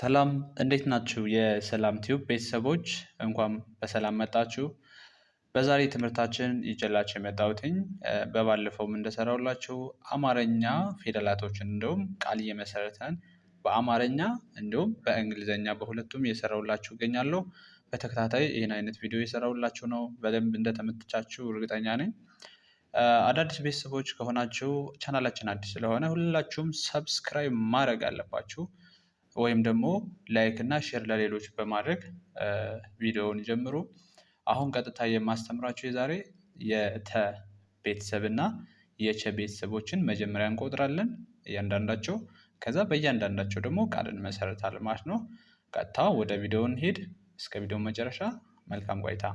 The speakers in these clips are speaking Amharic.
ሰላም እንዴት ናችሁ? የሰላም ቲዩብ ቤተሰቦች እንኳን በሰላም መጣችሁ። በዛሬ ትምህርታችን ይዤላችሁ የመጣሁትኝ በባለፈውም እንደሰራሁላችሁ አማርኛ ፊደላቶችን እንዲሁም ቃል እየመሰረተን በአማርኛ እንዲሁም በእንግሊዝኛ በሁለቱም እየሰራሁላችሁ እገኛለሁ። በተከታታይ ይህን አይነት ቪዲዮ የሰራሁላችሁ ነው። በደንብ እንደተመቻችሁ እርግጠኛ ነኝ። አዳዲስ ቤተሰቦች ከሆናችሁ ቻናላችን አዲስ ስለሆነ ሁላችሁም ሰብስክራይብ ማድረግ አለባችሁ። ወይም ደግሞ ላይክ እና ሼር ለሌሎች በማድረግ ቪዲዮውን ጀምሩ። አሁን ቀጥታ የማስተምራችሁ የዛሬ የተ ቤተሰብ እና የቸ ቤተሰቦችን መጀመሪያ እንቆጥራለን እያንዳንዳቸው፣ ከዛ በእያንዳንዳቸው ደግሞ ቃልን መሰረታል ማለት ነው። ቀጥታ ወደ ቪዲዮውን ሄድ። እስከ ቪዲዮ መጨረሻ መልካም ቆይታ።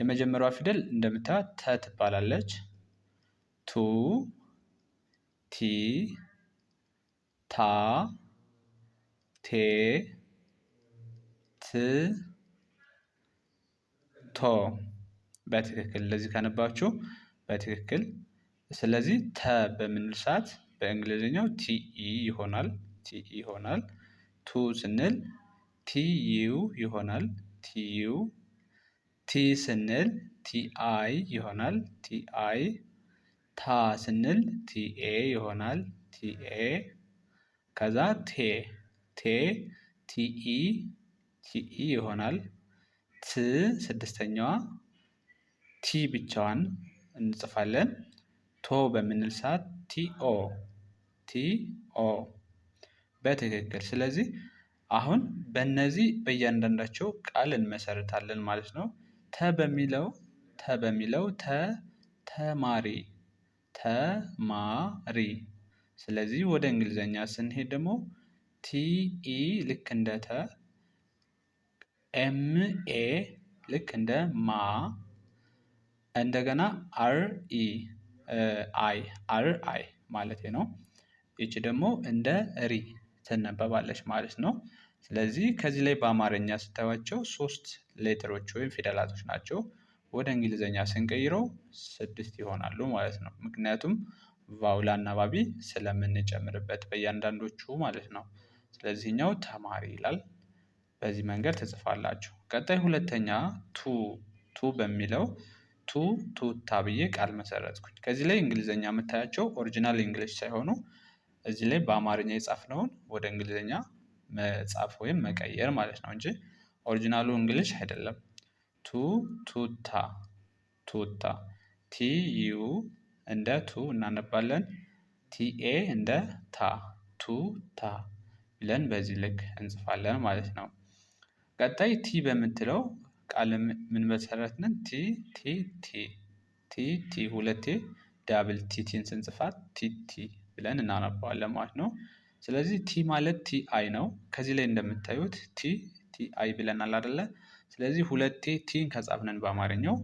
የመጀመሪያዋ ፊደል እንደምታዩት ተ ትባላለች። ቱ ቲ ታ ቴ ት ቶ በትክክል እንደዚህ ካነባችሁ በትክክል ስለዚህ ተ በምንል ሰዓት በእንግሊዝኛው ቲኢ ይሆናል ቲኢ ይሆናል ቱ ስንል ቲዩ ይሆናል ቲዩ ቲ ስንል ቲአይ ይሆናል ቲአይ ታ ስንል ቲኤ ይሆናል ቲኤ ከዛ ቴ ቴ ቲኢ ቲኢ ይሆናል። ት ስድስተኛዋ ቲ ብቻዋን እንጽፋለን። ቶ በምንል ሰዓት ቲኦ ቲኦ በትክክል። ስለዚህ አሁን በእነዚህ በእያንዳንዳቸው ቃል እንመሰርታለን ማለት ነው። ተ በሚለው ተ በሚለው ተ ተማሪ ተማሪ። ስለዚህ ወደ እንግሊዘኛ ስንሄድ ደግሞ ቲኢ ልክ እንደ ተ፣ ኤምኤ ልክ እንደ ማ፣ እንደገና አር ኢ አይ አር አይ ማለት ነው። ይቺ ደግሞ እንደ ሪ ትነበባለች ማለት ነው። ስለዚህ ከዚህ ላይ በአማርኛ ስታዩቸው ሶስት ሌተሮች ወይም ፊደላቶች ናቸው። ወደ እንግሊዝኛ ስንቀይረው ስድስት ይሆናሉ ማለት ነው። ምክንያቱም ቫውል አናባቢ ስለምንጨምርበት በእያንዳንዶቹ ማለት ነው። ስለዚህኛው ተማሪ ይላል። በዚህ መንገድ ትጽፋላችሁ። ቀጣይ ሁለተኛ ቱ ቱ በሚለው ቱ ቱታ ብዬ ቃል መሰረትኩኝ። ከዚህ ላይ እንግሊዝኛ የምታያቸው ኦሪጂናል እንግሊሽ ሳይሆኑ እዚህ ላይ በአማርኛ የጻፍነውን ወደ እንግሊዝኛ መጻፍ ወይም መቀየር ማለት ነው እንጂ ኦሪጂናሉ እንግሊሽ አይደለም። ቱ ቱታ ቱታ ቲ ዩ እንደ ቱ እናነባለን። ቲኤ እንደ ታ ቱ ታ ብለን በዚህ ልክ እንጽፋለን ማለት ነው። ቀጣይ ቲ በምትለው ቃል ምን ነን? ቲ ቲ ቲ ቲ ቲ ሁለቴ ዳብል ቲቲን ስንጽፋት ቲቲ ብለን እናነባዋለን ማለት ነው። ስለዚህ ቲ ማለት ቲ አይ ነው። ከዚህ ላይ እንደምታዩት ቲ ቲ አይ ብለናል አደለ? ስለዚህ ሁለቴ ቲን ከጻፍነን በአማርኛው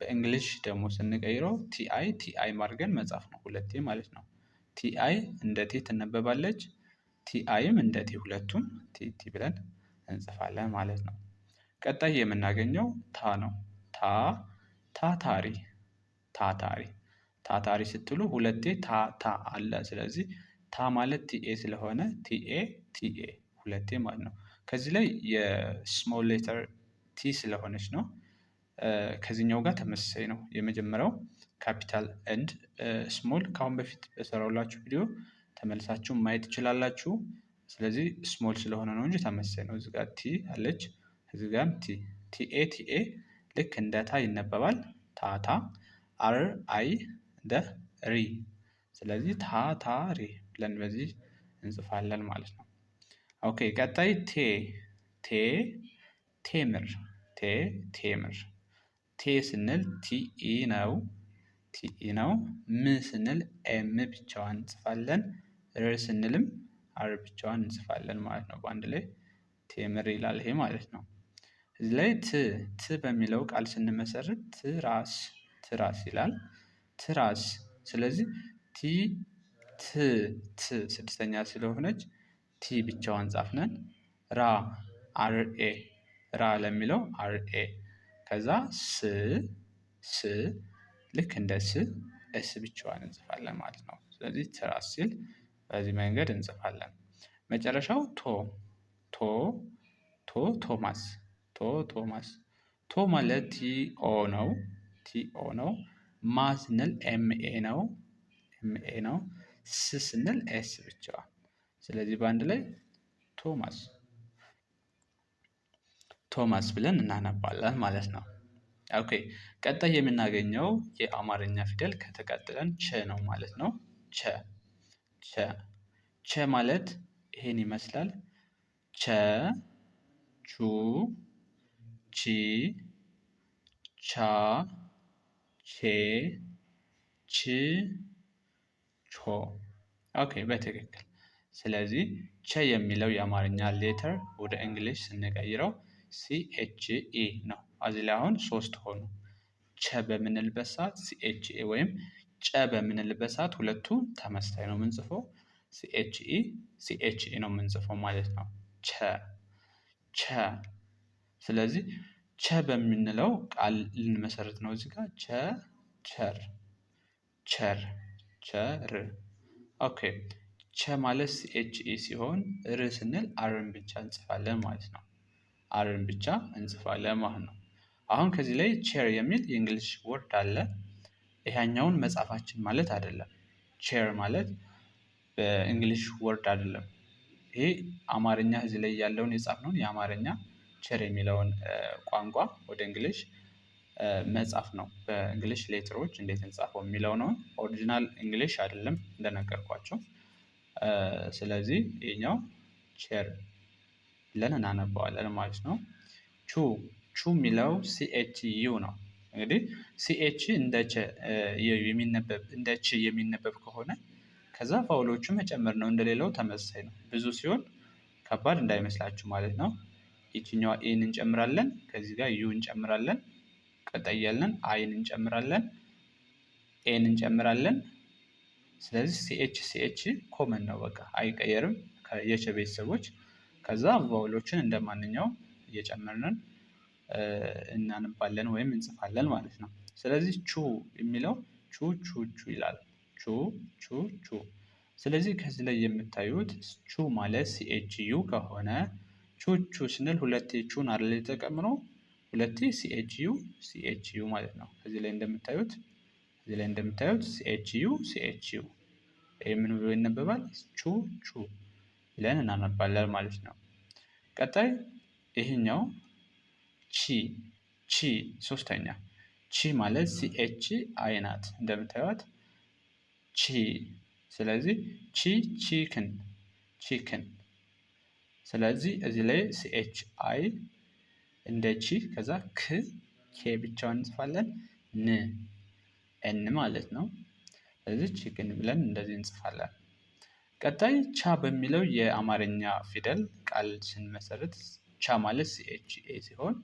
በእንግሊሽ ደግሞ ስንቀይረው ቲ አይ ቲ አይ ማድርገን መጻፍ ነው። ሁለቴ ማለት ነው። ቲ አይ እንደ ቲ ትነበባለች። ቲአይም እንደ ቲ ሁለቱም ቲቲ ብለን እንጽፋለን ማለት ነው። ቀጣይ የምናገኘው ታ ነው። ታ ታታሪ ታታሪ ታታሪ ስትሉ ሁለቴ ታ ታ አለ። ስለዚህ ታ ማለት ቲኤ ስለሆነ ቲኤ ቲኤ ሁለቴ ማለት ነው። ከዚህ ላይ የስሞል ሌተር ቲ ስለሆነች ነው ከዚህኛው ጋር ተመሳሳይ ነው። የመጀመሪያው ካፒታል ኤንድ ስሞል ከአሁን በፊት በሰራውላችሁ ቪዲዮ ተመልሳችሁ ማየት ትችላላችሁ። ስለዚህ ስሞል ስለሆነ ነው እንጂ ተመሳሳይ ነው። እዚጋ ቲ አለች፣ እዚጋም ቲ ቲኤ ቲኤ ልክ እንደ ታ ይነበባል። ታታ አር አይ እንደ ሪ። ስለዚህ ታታ ሪ ብለን በዚህ እንጽፋለን ማለት ነው። ኦኬ ቀጣይ ቴ ቴ ቴምር ቴ ቴምር ቴ ስንል ቲኢ ነው ቲኢ ነው። ም ስንል ኤም ብቻዋን እንጽፋለን። ር ስንልም አር ብቻዋን እንጽፋለን ማለት ነው። በአንድ ላይ ቴምር ይላል ይሄ ማለት ነው። እዚህ ላይ ት ት በሚለው ቃል ስንመሰርት ትራስ ትራስ ይላል ትራስ። ስለዚህ ቲ ት ት ስድስተኛ ስለሆነች ቲ ብቻዋን ጻፍነን። ራ አርኤ ራ ለሚለው አርኤ ከዛ ስ ስ ልክ እንደ ስ እስ ብቻዋን እንጽፋለን ማለት ነው። ስለዚህ ትራስ ሲል በዚህ መንገድ እንጽፋለን። መጨረሻው ቶ ቶ ቶ ቶማስ ቶ ቶማስ ቶ ማለት ቲኦ ነው። ቲኦ ነው። ማ ስንል ኤምኤ ነው። ኤምኤ ነው። ስ ስንል ኤስ ብቻ ስለዚህ በአንድ ላይ ቶማስ ቶማስ ብለን እናነባለን ማለት ነው። ኦኬ ቀጣይ የምናገኘው የአማርኛ ፊደል ከተቀጥለን ቸ ነው ማለት ነው። ቸ ቸ ቸ ማለት ይሄን ይመስላል። ቸ ቹ ቺ ቻ ቼ ቺ ቾ ኦኬ በትክክል ስለዚህ ቸ የሚለው የአማርኛ ሌተር ወደ እንግሊሽ ስንቀይረው ሲ ነው። አዚ ላይ አሁን ሶስት ሆኑ ቸ በምንልበት ሰዓት ሲ ወይም ጨ በምንልበት ሰዓት ሁለቱ ተመሳሳይ ነው የምንጽፈው። ሲኤችኢ ሲኤችኢ ነው የምንጽፈው ማለት ነው። ቸ ቸ። ስለዚህ ቸ በምንለው ቃል ልንመሰርት ነው እዚህ ጋር ቸ ቸር ቸር ቸር። ኦኬ ቸ ማለት ሲኤችኢ ሲሆን ር ስንል አርን ብቻ እንጽፋለን ማለት ነው። አርን ብቻ እንጽፋለን ማለት ነው። አሁን ከዚህ ላይ ቸር የሚል የእንግሊሽ ወርድ አለ ይሄኛውን መጻፋችን ማለት አይደለም። ቼር ማለት በእንግሊሽ ወርድ አይደለም። ይሄ አማርኛ እዚህ ላይ ያለውን የጻፍነውን የአማርኛ ቼር የሚለውን ቋንቋ ወደ እንግሊሽ መጻፍ ነው። በእንግሊሽ ሌትሮች እንዴት እንጻፈው የሚለው ነው። ኦሪጂናል እንግሊሽ አይደለም እንደነገርኳቸው። ስለዚህ ይሄኛው ቼር ብለን እናነበዋለን ማለት ነው። ቹ ቹ የሚለው ሲኤችዩ ዩ ነው። እንግዲህ ሲኤች እንደ ቸ የሚነበብ እንደ የሚነበብ ከሆነ ከዛ ቫውሎቹ መጨመር ነው። እንደሌላው ተመሳሳይ ነው። ብዙ ሲሆን ከባድ እንዳይመስላችሁ ማለት ነው። ይችኛዋ ኤን እንጨምራለን። ከዚህ ጋር ዩ እንጨምራለን። ቀጠያለን፣ አይን እንጨምራለን። ኤን እንጨምራለን። ስለዚህ ሲኤች ሲኤች ኮመን ነው፣ በቃ አይቀየርም። የቸ ቤተሰቦች ከዛ ቫውሎችን እንደማንኛውም እየጨመርንን እናነባለን ወይም እንጽፋለን ማለት ነው። ስለዚህ ቹ የሚለው ቹ ቹ ቹ ይላል። ቹ ቹ ቹ። ስለዚህ ከዚህ ላይ የምታዩት ቹ ማለት ሲኤችዩ ከሆነ ቹ ቹ ስንል ሁለቴ ቹን አይደል የተጠቀምነው? ሁለቴ ሲኤችዩ ሲኤችዩ ማለት ነው። ከዚህ ላይ እንደምታዩት ከዚህ ላይ እንደምታዩት ሲኤችዩ ሲኤችዩ ምን ብሎ ይነበባል? ቹ ቹ ብለን እናነባለን ማለት ነው። ቀጣይ ይህኛው ቺ ቺ ሶስተኛ ቺ ማለት ሲኤች አይ ናት እንደምታዩት ቺ። ስለዚህ ቺ ቺክን ቺክን። ስለዚህ እዚህ ላይ ሲኤች አይ እንደ ቺ ከዛ ክ ኬ ብቻውን እንጽፋለን ን ኤን ማለት ነው። ስለዚህ ቺክን ብለን እንደዚህ እንጽፋለን። ቀጣይ ቻ በሚለው የአማርኛ ፊደል ቃል ስንመሰርት ቻ ማለት ሲኤች ኤ ሲሆን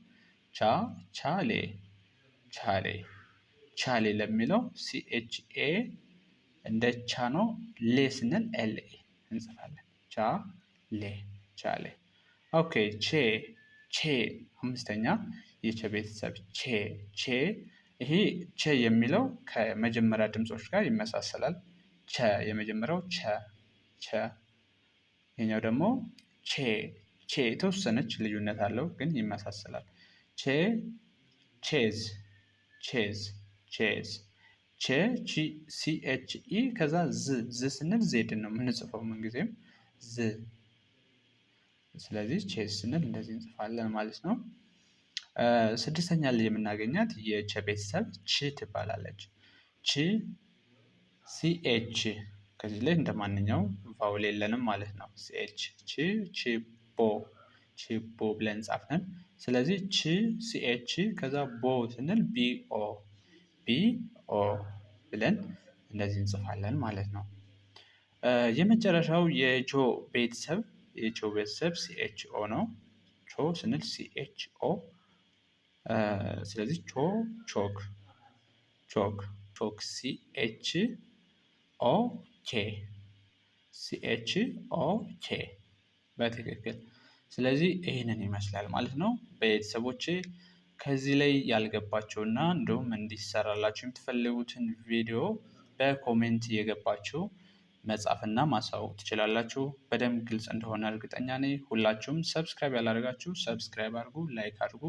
ቻ ቻሌ ቻሌ ቻሌ ለሚለው ሲኤችኤ እንደ ቻ ነው። ሌ ስንል ኤልኤ እንጽፋለን። ቻ ሌ ቻሌ። ኦኬ ቼ ቼ አምስተኛ የቼ ቤተሰብ ቼ ቼ ይሄ ቼ የሚለው ከመጀመሪያ ድምፆች ጋር ይመሳሰላል። ቸ የመጀመሪያው ቸ ቸ ይሄኛው ደግሞ ቼ ቼ የተወሰነች ልዩነት አለው ግን ይመሳሰላል። ቼ ቼዝ ቼዝ ቼዝ ቼ ሲኤች ኢ ከዛ ዝ ዝ ስንል ዜድን ነው የምንጽፈው ምንጊዜም ዝ። ስለዚህ ቼዝ ስንል እንደዚህ እንጽፋለን ማለት ነው። ስድስተኛ ላይ የምናገኛት የቼ ቤተሰብ ቺ ትባላለች። ቺ ሲኤች ከዚህ ላይ እንደ ማንኛውም ቫውል የለንም ማለት ነው። ሲኤች ቺ ቺቦ ቺቦ ብለን ጻፍነን። ስለዚህ ቺ ሲኤች ከዛ ቦ ስንል ቢኦ ቢኦ ብለን እንደዚህ እንጽፋለን ማለት ነው። የመጨረሻው የጆ ቤተሰብ የጆ ቤተሰብ ሲኤችኦ ነው። ቾ ስንል ሲኤችኦ ስለዚህ ቾ ቾክ ቾክ ቾክ ሲኤች ኦ ኬ ሲኤች ኦ ኬ በትክክል ስለዚህ ይህንን ይመስላል ማለት ነው። ቤተሰቦቼ ከዚህ ላይ ያልገባቸው እና እንዲሁም እንዲሰራላቸው የምትፈልጉትን ቪዲዮ በኮሜንት እየገባችሁ መጻፍና ማሳወቅ ትችላላችሁ። በደንብ ግልጽ እንደሆነ እርግጠኛ ነኝ። ሁላችሁም ሰብስክራይብ ያላደረጋችሁ ሰብስክራይብ አድርጉ፣ ላይክ አድርጉ።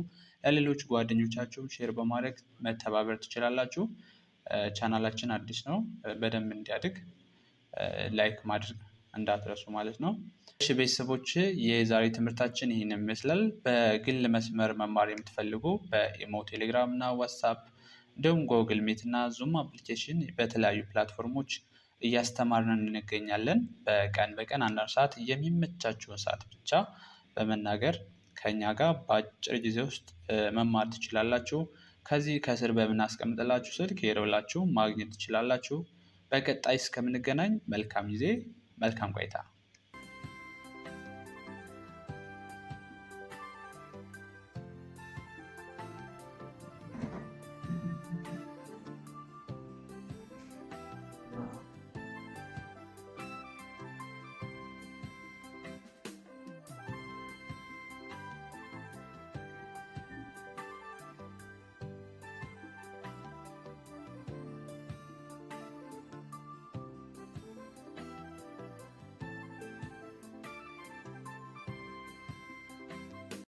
ለሌሎች ጓደኞቻችሁ ሼር በማድረግ መተባበር ትችላላችሁ። ቻናላችን አዲስ ነው፣ በደንብ እንዲያድግ ላይክ ማድረግ እንዳትረሱ ማለት ነው። እሺ ቤተሰቦች የዛሬ ትምህርታችን ይህን ይመስላል። በግል መስመር መማር የምትፈልጉ በኢሞ ቴሌግራም፣ እና ዋትሳፕ እንዲሁም ጎግል ሜት እና ዙም አፕሊኬሽን በተለያዩ ፕላትፎርሞች እያስተማርን እንገኛለን። በቀን በቀን አንዳንድ ሰዓት የሚመቻችውን ሰዓት ብቻ በመናገር ከኛ ጋር በአጭር ጊዜ ውስጥ መማር ትችላላችሁ። ከዚህ ከስር በምናስቀምጥላችሁ ስልክ የደውላችሁ ማግኘት ትችላላችሁ። በቀጣይ እስከምንገናኝ መልካም ጊዜ መልካም ቆይታ